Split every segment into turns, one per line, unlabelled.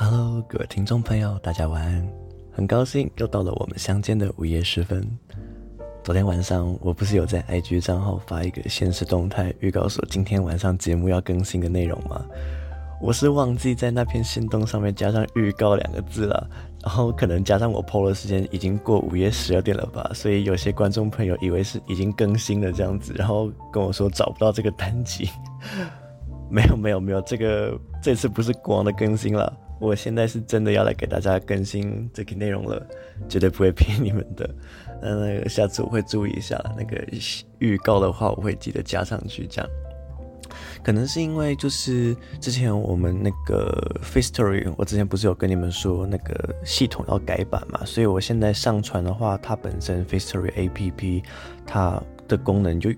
Hello，各位聽眾朋友，大家晚安。很高興又到了我們相見的午夜時分。昨天晚上我不是有在 IG 賬號發一個限時動態，預告說今天晚上節目要更新的內容嗎？我是忘記在那篇限動上面加上預告兩個字了。然後可能加上我 PO 的時間已經過午夜十二點了吧，所以有些觀眾朋友以為是已經更新了這樣子，然後跟我說找不到這個單集。沒有沒有沒有，這個這次不是光的更新了。我現在是真的要來給大家更新這個內容了，絕對不會騙你們的。那、啊、那個下次我會注意一下，那個預告的話我會記得加上去。這樣，可能是因為就是之前我們那個 Firstory 我之前不是有跟你們說那個系統要改版嘛？所以我現在上傳的話，它本身 Firstory APP 它的功能就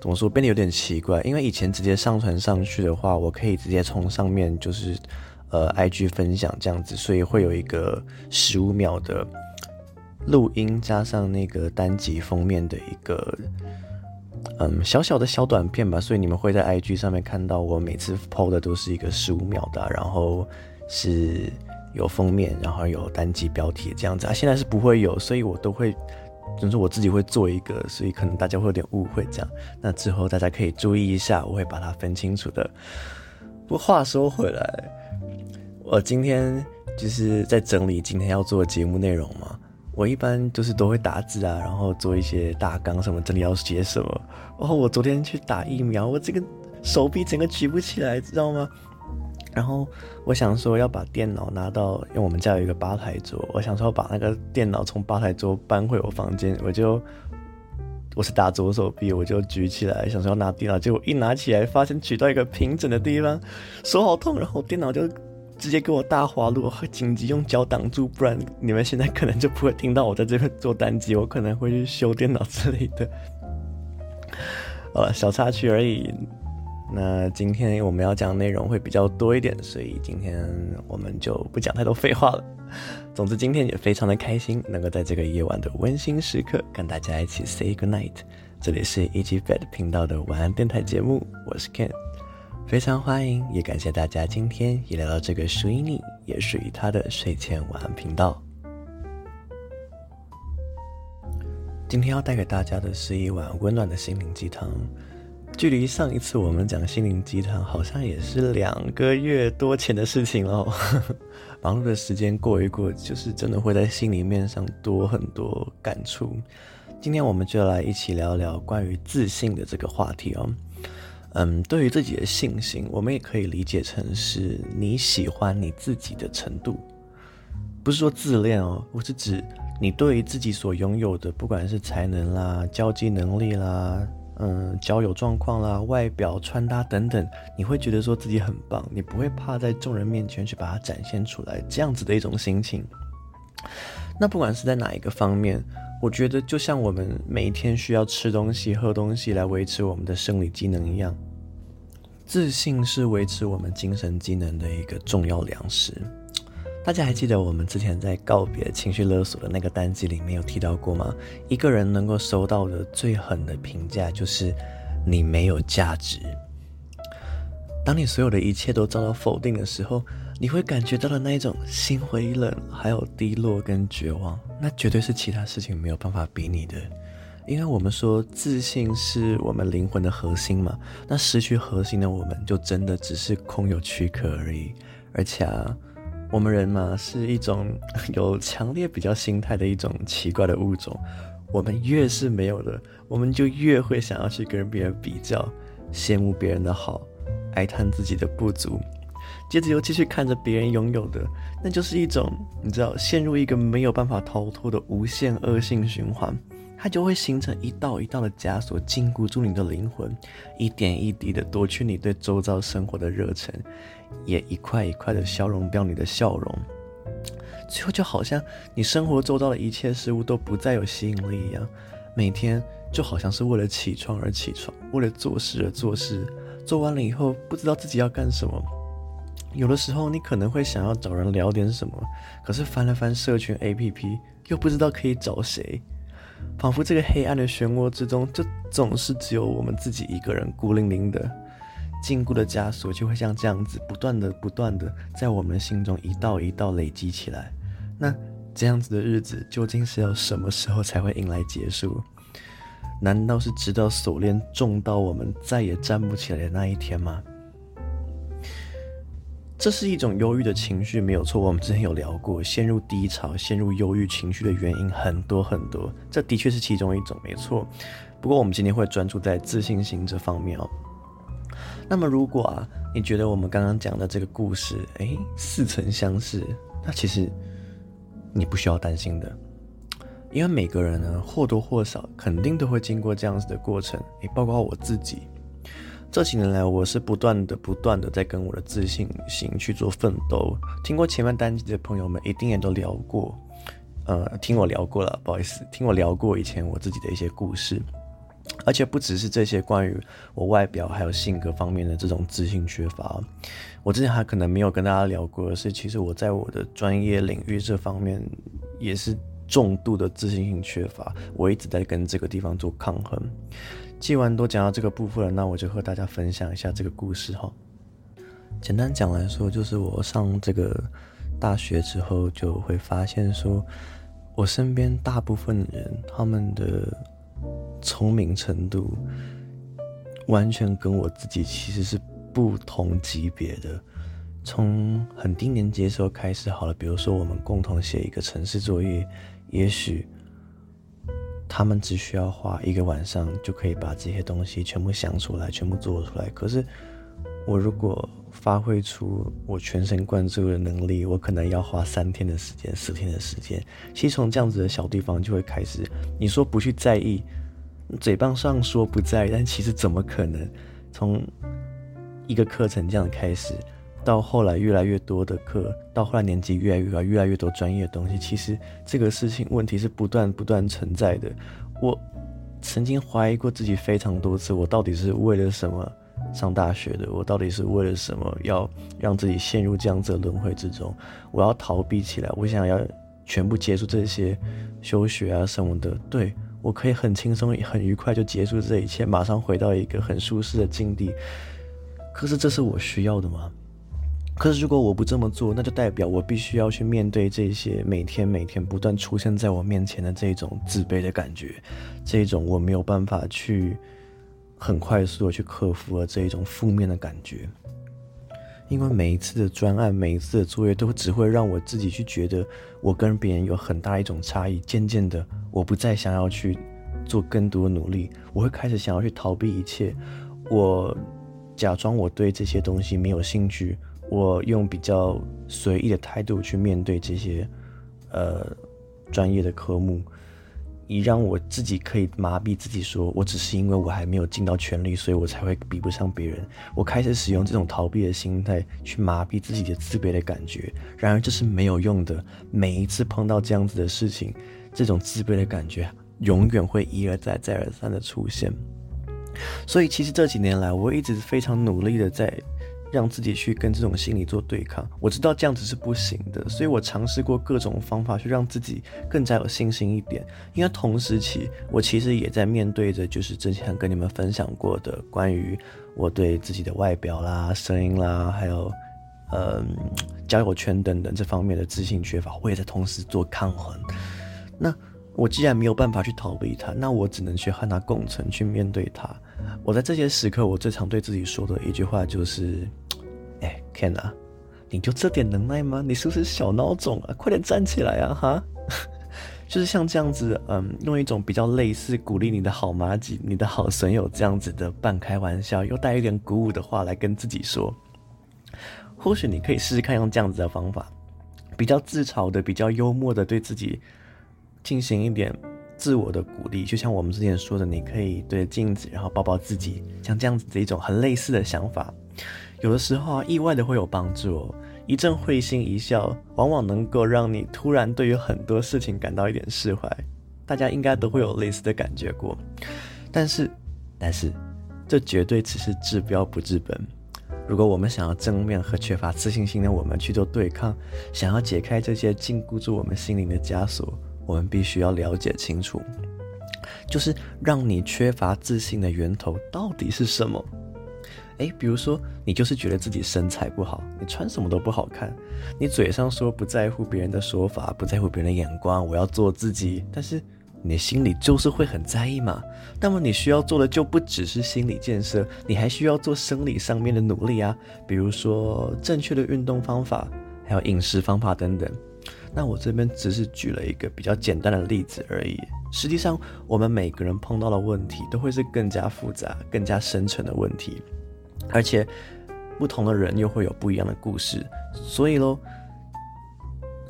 怎麼說變得有點奇怪？因為以前直接上傳上去的話，我可以直接從上面就是。呃，IG 分享這樣子，所以會有一個十五秒的錄音，加上那個單集封面的一個，嗯，小小的小短片吧。所以你們會在 IG 上面看到我每次 PO 的都是一個十五秒的、啊，然後是有封面，然後有單集標題這樣子、啊。現在是不會有，所以我都會就是我自己會做一個，所以可能大家會有點誤會這樣。那之後大家可以注意一下，我會把它分清楚的。不過話說回來。我今天就是在整理今天要做的節目內容嘛。我一般就是都會打字啊，然後做一些大綱什麼，整理要寫什麼。然後我昨天去打疫苗，我這個手臂整個舉不起來，知道嗎？然後我想說要把電腦拿到，因為我們家有一個吧台桌，我想說要把那個電腦從吧台桌搬回我房間，我就我是打左手臂，我就舉起來，想說要拿電腦，結果一拿起來，發現舉到一個平整的地方，手好痛，然後電腦就。直接給我大滑落，緊急用腳擋住，不然你們現在可能就不會聽到我在這邊做單機，我可能會去修電腦之類的。好了， 小插曲而已。那今天我們要講的內容會比較多一點，所以今天我們就不講太多廢話了。總之，今天也非常的開心，能夠在這個夜晚的溫馨時刻跟大家一起 say good night。這裡是 ichi goodnight 頻道的晚安電台節目，我是 Ken。非常歡迎，也感謝大家今天也來到這個屬於你，也屬於他的睡前晚安頻道。今天要帶給大家的是一碗溫暖的心靈雞湯。距離上一次我們講心靈雞湯，好像也是兩個月多前的事情嘍。 忙碌的時間過一過，就是真的會在心裡面上多很多感觸。今天我們就要來一起聊聊關於自信的這個話題哦。嗯，對於自己的信心，我們也可以理解成是你喜歡你自己的程度，不是說自戀哦，我是指你對於自己所擁有的，不管是才能啦、交際能力啦、嗯、交友狀況啦、外表穿搭等等，你會覺得說自己很棒，你不會怕在眾人面前去把它展現出來，這樣子的一種心情。那不管是在哪一個方面，我覺得就像我們每天需要吃東西、喝東西來維持我們的生理機能一樣。自信是維持我們精神機能的一個重要糧食。大家還記得我們之前在告別情緒勒索的那個單集裡面有提到過嗎？一個人能夠收到的最狠的評價就是“你沒有價值”。當你所有的一切都遭到否定的時候，你會感覺到的那一種心灰意冷，還有低落跟絕望，那絕對是其他事情沒有辦法比擬的。因為我們說自信是我們靈魂的核心嘛，那失去核心的我們就真的只是空有軀殼而已。而且啊，我們人嘛，是一種有強烈比較心態的一種奇怪的物種。我們越是沒有的，我們就越會想要去跟別人比較，羨慕別人的好，哀嘆自己的不足，接着又繼續看着別人擁有的，那就是一種，你知道，陷入一個沒有辦法逃脫的無限惡性循環。它就會形成一道一道的枷鎖，禁錮住你的靈魂，一點一滴地奪去你對周遭生活的熱忱，也一塊一塊地消融掉你的笑容。最後，就好像你生活周遭的一切事物都不再有吸引力一樣，每天就好像是為了起床而起床，為了做事而做事，做完了以後不知道自己要幹什麼。有的時候，你可能會想要找人聊點什麼，可是翻了翻社群 APP，又不知道可以找誰。仿佛這個黑暗的漩渦之中，就總是只有我們自己一個人孤零零的，禁錮的枷鎖就會像這樣子不斷的、不斷的在我們的心中一道一道累積起來。那這樣子的日子究竟是要什麼時候才會迎來結束？難道是直到鎖鏈重到我們再也站不起來的那一天嗎？這是一種憂鬱的情緒，沒有錯。我們之前有聊過，陷入低潮、陷入憂鬱情緒的原因很多很多，這的確是其中一種，沒錯。不過我們今天會專注在自信心這方面哦。那麼，如果啊，你覺得我們剛剛講的這個故事，誒，似曾相識，那其實你不需要擔心的，因為每個人呢，或多或少肯定都會經過這樣子的過程，也包括我自己。這幾年來，我是不斷的、不斷的在跟我的自信心去做奮鬥。聽過前面單集的朋友們，一定也都聊過，呃，聽我聊過了，不好意思，聽我聊過以前我自己的一些故事。而且不只是這些關於我外表還有性格方面的這種自信缺乏，我之前還可能沒有跟大家聊過的是，其實我在我的專業領域這方面也是重度的自信心缺乏，我一直在跟這個地方做抗衡。既然都講到這個部分了，那我就和大家分享一下這個故事哈。簡單講來說，就是我上這個大學之後，就會發現說，我身邊大部分人他們的聰明程度，完全跟我自己其實是不同級別的。從很低年級的時候開始，好了，比如說我們共同寫一個城市作業，也許。他們只需要花一個晚上，就可以把這些東西全部想出來，全部做出來。可是我如果發揮出我全神貫注的能力，我可能要花三天的時間，四天的時間。其實從這樣子的小地方就會開始。你說不去在意，嘴巴上說不在意，但其實怎麼可能？從一個課程這樣開始。到後來，越來越多的課，到後來年級越來越高，越來越多專業的東西。其實這個事情問題，是不斷不斷存在的。我曾經懷疑過自己非常多次，我到底是為了什麼上大學的？我到底是為了什麼要讓自己陷入這樣子的輪回之中？我要逃避起來，我想要全部結束這些休學啊什麼的。對，我可以很輕鬆、很愉快就結束這一切，馬上回到一個很舒適的境地。可是這是我需要的嗎？可是，如果我不這麼做，那就代表我必須要去面對這些每天每天不斷出現在我面前的這種自卑的感覺，這種我沒有辦法去很快速的去克服了，這一種負面的感覺。因為每一次的專案，每一次的作業，都只會讓我自己去覺得我跟別人有很大一種差異。漸漸的，我不再想要去做更多的努力，我會開始想要去逃避一切，我假裝我對這些東西沒有興趣。我用比較隨意的態度去面對這些呃專業的科目，以讓我自己可以麻痹自己說，說我只是因為我還沒有盡到全力，所以我才會比不上別人。我開始使用這種逃避的心態去麻痹自己的自卑的感覺，然而這是沒有用的。每一次碰到這樣子的事情，這種自卑的感覺永遠會一而再、再而三的出現。所以其實這幾年來，我一直非常努力的在。讓自己去跟這種心理做對抗，我知道這樣子是不行的，所以我嘗試過各種方法去讓自己更加有信心一點。因為同時期，我其實也在面對着，就是之前跟你們分享過的關於我對自己的外表啦、聲音啦，還有呃交友圈等等這方面的自信缺乏，我也在同時做抗衡。那我既然沒有辦法去逃避它，那我只能去和它共存，去面對它。我在這些時刻，我最常對自己說的一句話就是：“哎，天吶，你就這點能耐嗎？你是不是小孬種啊？快點站起來啊！哈， 就是像這樣子，嗯，用一種比較類似鼓勵你的好麻吉、你的好損友這樣子的半開玩笑又帶一點鼓舞的話來跟自己說。或許你可以試試看用這樣子的方法，比較自嘲的、比較幽默的，對自己進行一點。”自我的鼓勵，就像我們之前說的，你可以對着鏡子，然後抱抱自己，像這樣子的一種很類似的想法，有的時候啊，意外的會有幫助哦。一陣會心一笑，往往能夠讓你突然對於很多事情感到一點釋懷。大家應該都會有類似的感覺過。但是，但是，這絕對只是治標不治本。如果我們想要正面和缺乏自信心的我們去做對抗，想要解開這些禁錮住我們心靈的枷鎖。我們必須要了解清楚，就是讓你缺乏自信的源頭到底是什麼？誒，比如說，你就是覺得自己身材不好，你穿什麼都不好看，你嘴上說不在乎別人的說法，不在乎別人的眼光，我要做自己，但是你的心裡就是會很在意嘛。那麼你需要做的就不只是心理建設，你還需要做生理上面的努力啊，比如說正確的運動方法，還有飲食方法等等。那我這邊只是舉了一個比較簡單的例子而已。實際上，我們每個人碰到的問題都會是更加複雜、更加深層的問題，而且不同的人又會有不一樣的故事。所以嘍，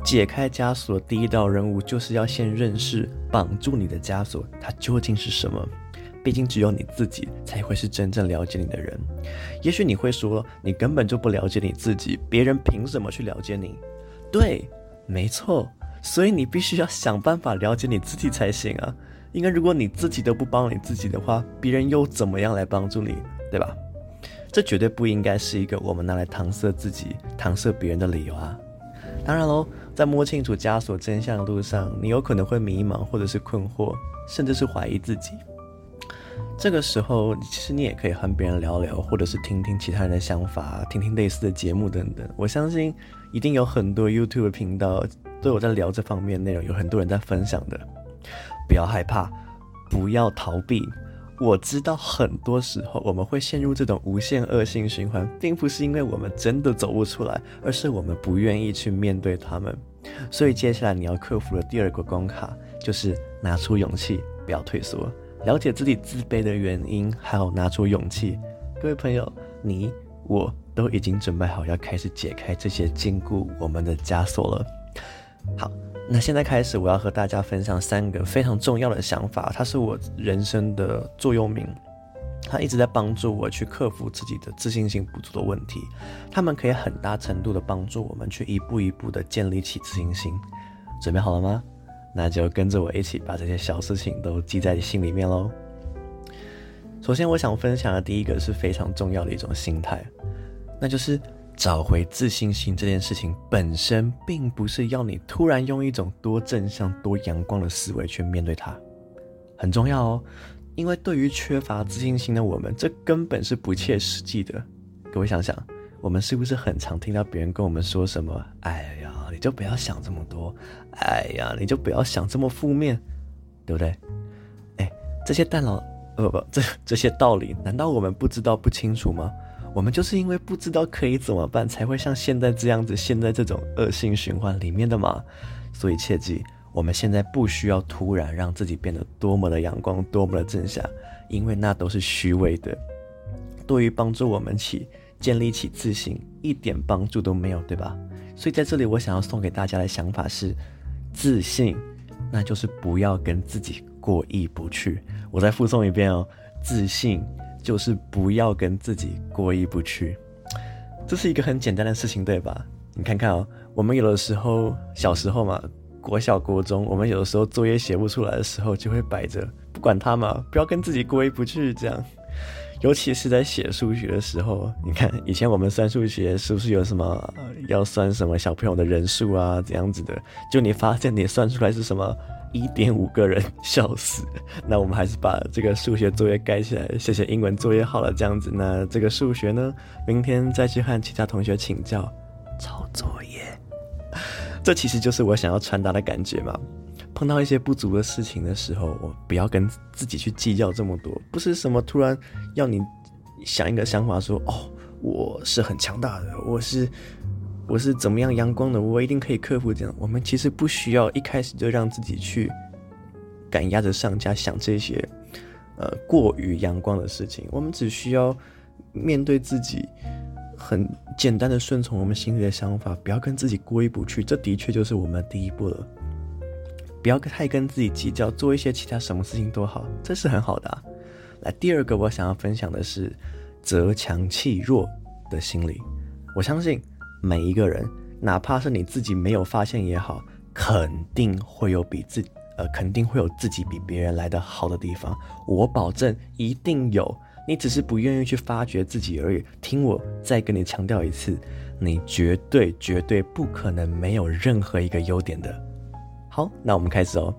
解開枷鎖的第一道任務就是要先認識綁住你的枷鎖，它究竟是什麼？畢竟只有你自己才會是真正了解你的人。也許你會說，你根本就不了解你自己，別人憑什麼去了解你？對。沒錯，所以你必須要想辦法了解你自己才行啊！因為如果你自己都不幫你自己的話，別人又怎麼樣來幫助你？對吧？這絕對不應該是一個我們拿來搪塞自己、搪塞別人的理由啊！當然嘍，在摸清楚枷鎖真相的路上，你有可能會迷茫，或者是困惑，甚至是懷疑自己。這個時候，其實你也可以和別人聊聊，或者是聽聽其他人的想法，聽聽類似的節目等等。我相信。一定有很多 YouTube 頻道都有在聊這方面內容，有很多人在分享的。不要害怕，不要逃避。我知道很多時候我們會陷入這種無限惡性循環，並不是因為我們真的走不出來，而是我們不願意去面對它們。所以接下來你要克服的第二個關卡就是拿出勇氣，不要退縮。了解自己自卑的原因，還有拿出勇氣。各位朋友，你我。都已經準備好要開始解開這些禁錮我們的枷鎖了。好，那現在開始，我要和大家分享三個非常重要的想法，它是我人生的座右銘，它一直在幫助我去克服自己的自信心不足的問題。它們可以很大程度的幫助我們去一步一步的建立起自信心。準備好了嗎？那就跟着我一起把這些小事情都記在心裡面嘍。首先，我想分享的第一個是非常重要的一種心態。那就是找回自信心這件事情本身，並不是要你突然用一種多正向、多陽光的思維去面對它，很重要哦。因為對於缺乏自信心的我們，這根本是不切實際的。各位想想，我們是不是很常聽到別人跟我們說什麼？哎呀，你就不要想這麼多。哎呀，你就不要想這麼負面，對不對？哎，這些大佬，呃不，這這些道理，難道我們不知道不清楚嗎？我們就是因為不知道可以怎麼辦，才會像現在這樣子陷在這種惡性循環裡面的嘛。所以切記，我們現在不需要突然讓自己變得多麼的陽光，多麼的正向，因為那都是虛偽的，對於幫助我們起建立起自信一點幫助都沒有，對吧？所以在這裡我想要送給大家的想法是，自信，那就是不要跟自己過意不去。我再複誦一遍哦，自信。就是不要跟自己過意不去，這是一個很簡單的事情，對吧？你看看哦，我們有的時候，小時候嘛，國小、國中，我們有的時候作業寫不出來的時候，就會擺着，不管他嘛，不要跟自己過意不去，這樣。尤其是在寫數學的時候，你看以前我們算數學是不是有什麼、呃、要算什麼小朋友的人數啊，這樣子的，就你發現你算出來是什麼一點五個人，笑死！那我們還是把這個數學作業蓋起來，寫寫英文作業好了，這樣子。那這個數學呢，明天再去和其他同學請教抄作業。 這其實就是我想要傳達的感覺嘛。碰到一些不足的事情的時候，我不要跟自己去計較這麼多。不是什麼突然要你想一個想法說，說哦，我是很強大的，我是我是怎麼樣陽光的，我一定可以克服這樣。我們其實不需要一開始就讓自己去趕鴨子上架想這些呃過於陽光的事情。我們只需要面對自己很簡單的順從我們心裡的想法，不要跟自己過意不去。這的確就是我們的第一步了。不要太跟自己計較，做一些其他什麼事情都好，這是很好的，啊。來，第二個我想要分享的是，擇強氣弱的心理。我相信每一個人，哪怕是你自己沒有發現也好，肯定會有比自呃，肯定會有自己比別人來的好的地方。我保證一定有，你只是不願意去發掘自己而已。聽我再跟你強調一次，你絕對絕對不可能沒有任何一個優點的。好，那我們開始哦。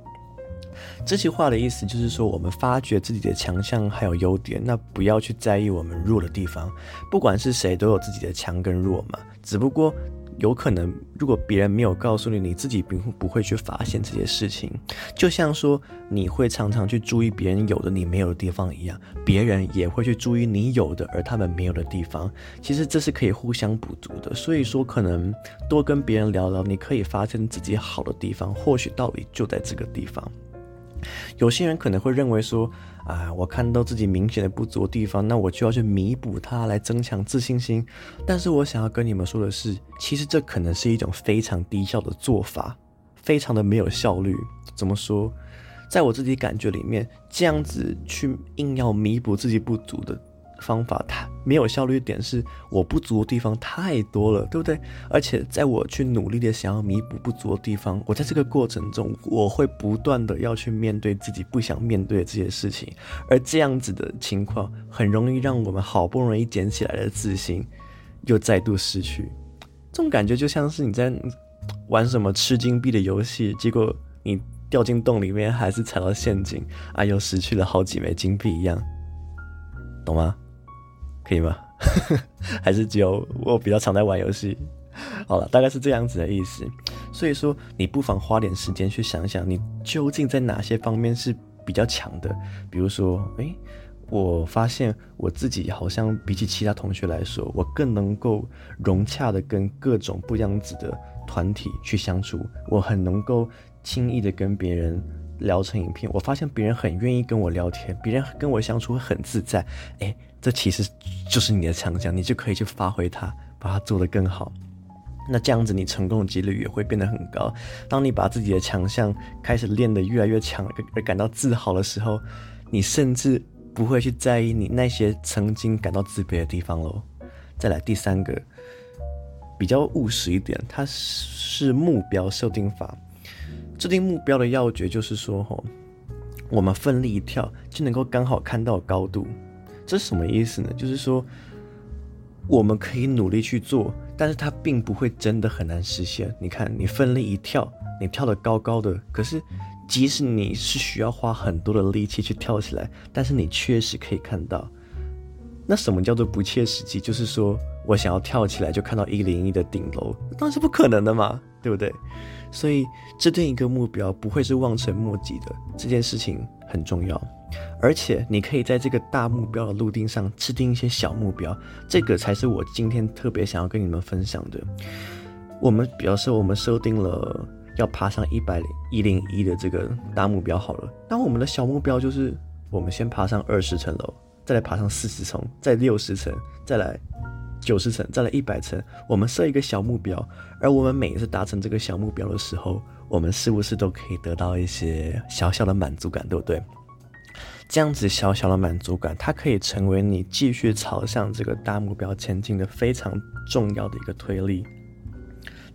這句話的意思就是說，我們發覺自己的強項還有優點，那不要去在意我們弱的地方。不管是誰，都有自己的強跟弱嘛，只不過。有可能，如果別人沒有告訴你，你自己並不會去發現這些事情。就像說，你會常常去注意別人有的你沒有的地方一樣，別人也會去注意你有的而他們沒有的地方。其實這是可以互相補足的。所以說，可能多跟別人聊聊，你可以發現自己好的地方，或許道理就在這個地方。有些人可能會認為說，啊，我看到自己明顯的不足的地方，那我就要去彌補它，來增強自信心。但是我想要跟你們說的是，其實這可能是一種非常低效的做法，非常的沒有效率。怎麼說？在我自己感覺裡面，這樣子去硬要彌補自己不足的。方法太，沒有效率點是，我不足的地方太多了，對不對？而且在我去努力的想要彌補不足的地方，我在這個過程中，我會不斷的要去面對自己不想面對的這些事情，而這樣子的情況，很容易讓我們好不容易撿起來的自信，又再度失去。這種感覺就像是你在玩什麼吃金幣的遊戲，結果你掉進洞裡面，還是踩到陷阱，啊，又失去了好幾枚金幣一樣，懂嗎？可以嗎？ 還是只有我比較常在玩遊戲？好了，大概是這樣子的意思。所以說，你不妨花點時間去想想，你究竟在哪些方面是比較強的？比如說，哎、欸，我發現我自己好像比起其他同學來說，我更能夠融洽的跟各種不一樣子的團體去相處，我很能夠輕易的跟別人。聊成影片，我發現別人很願意跟我聊天，別人跟我相處會很自在。哎，這其實就是你的強項，你就可以去發揮它，把它做得更好。那這樣子，你成功的幾率也會變得很高。當你把自己的強項開始練得越來越強，而感到自豪的時候，你甚至不會去在意你那些曾經感到自卑的地方嘍。再來第三個，比較務實一點，它是目標設定法。制定目標的要訣就是說，吼，我們奮力一跳就能夠剛好看到高度，這是什麼意思呢？就是說，我們可以努力去做，但是它並不會真的很難實現。你看，你奮力一跳，你跳得高高的，可是即使你是需要花很多的力氣去跳起來，但是你確實可以看到。那什麼叫做不切實際？就是說我想要跳起來就看到一零一的頂樓，當然是不可能的嘛，對不對？所以制定一個目標不會是望塵莫及的，這件事情很重要。而且你可以在這個大目標的路徑上制定一些小目標，這個才是我今天特別想要跟你們分享的。我們比方說，我們設定了要爬上一百一零一的這個大目標，好了，那我們的小目標就是，我們先爬上二十層樓，再來爬上四十層，再六十層，再來。九十層，再來一百層。我們設一個小目標，而我們每一次達成這個小目標的時候，我們是不是都可以得到一些小小的滿足感，對不對？這樣子小小的滿足感，它可以成為你繼續朝向這個大目標前進的非常重要的一個推力。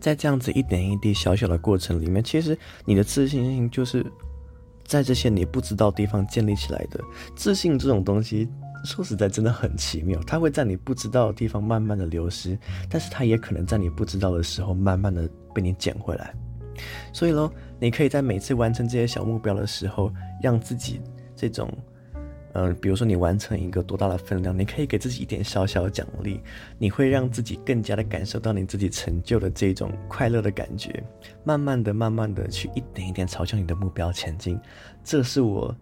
在這樣子一點一滴小小的過程裡面，其實你的自信心就是在這些你不知道的地方建立起來的。自信這種東西。說實在，真的很奇妙，它會在你不知道的地方慢慢的流失，但是它也可能在你不知道的時候慢慢的被你撿回來。所以咯，你可以在每次完成這些小目標的時候，讓自己這種，嗯、呃，比如說你完成一個多大的分量，你可以給自己一點小小的獎勵，你會讓自己更加的感受到你自己成就的這種快樂的感覺，慢慢的、慢慢的去一點一點朝向你的目標前進。這是我。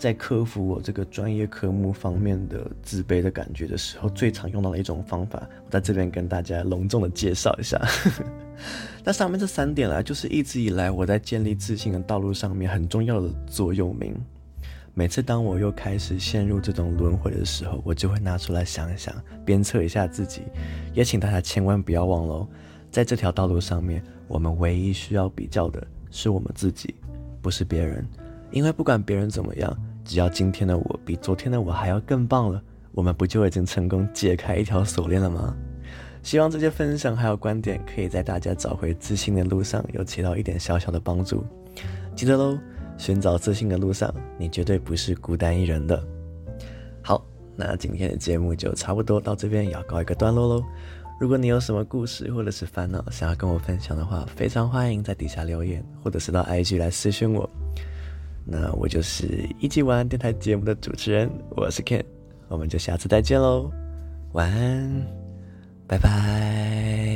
在克服我這個專業科目方面的自卑的感覺的時候，最常用到的一種方法，我在這邊跟大家隆重的介紹一下。那 上面這三點啊，就是一直以來我在建立自信的道路上面很重要的座右銘。每次當我又開始陷入這種輪回的時候，我就會拿出來想一想，鞭策一下自己。也請大家千萬不要忘了哦，在這條道路上面，我們唯一需要比較的是我們自己，不是別人。因為不管別人怎麼樣。只要今天的我比昨天的我還要更棒了，我們不就已經成功解開一條鎖鏈了嗎？希望這些分享還有觀點，可以在大家找回自信的路上，有起到一點小小的幫助。記得嘍，尋找自信的路上，你絕對不是孤單一人的。好，那今天的節目就差不多到這邊也要告一個段落嘍。如果你有什麼故事或者是煩惱想要跟我分享的話，非常歡迎在底下留言，或者是到 IG 來私訊我。那我就是一期晚安電台節目的主持人，我是 Ken，我們就下次再見嘍，晚安，拜拜。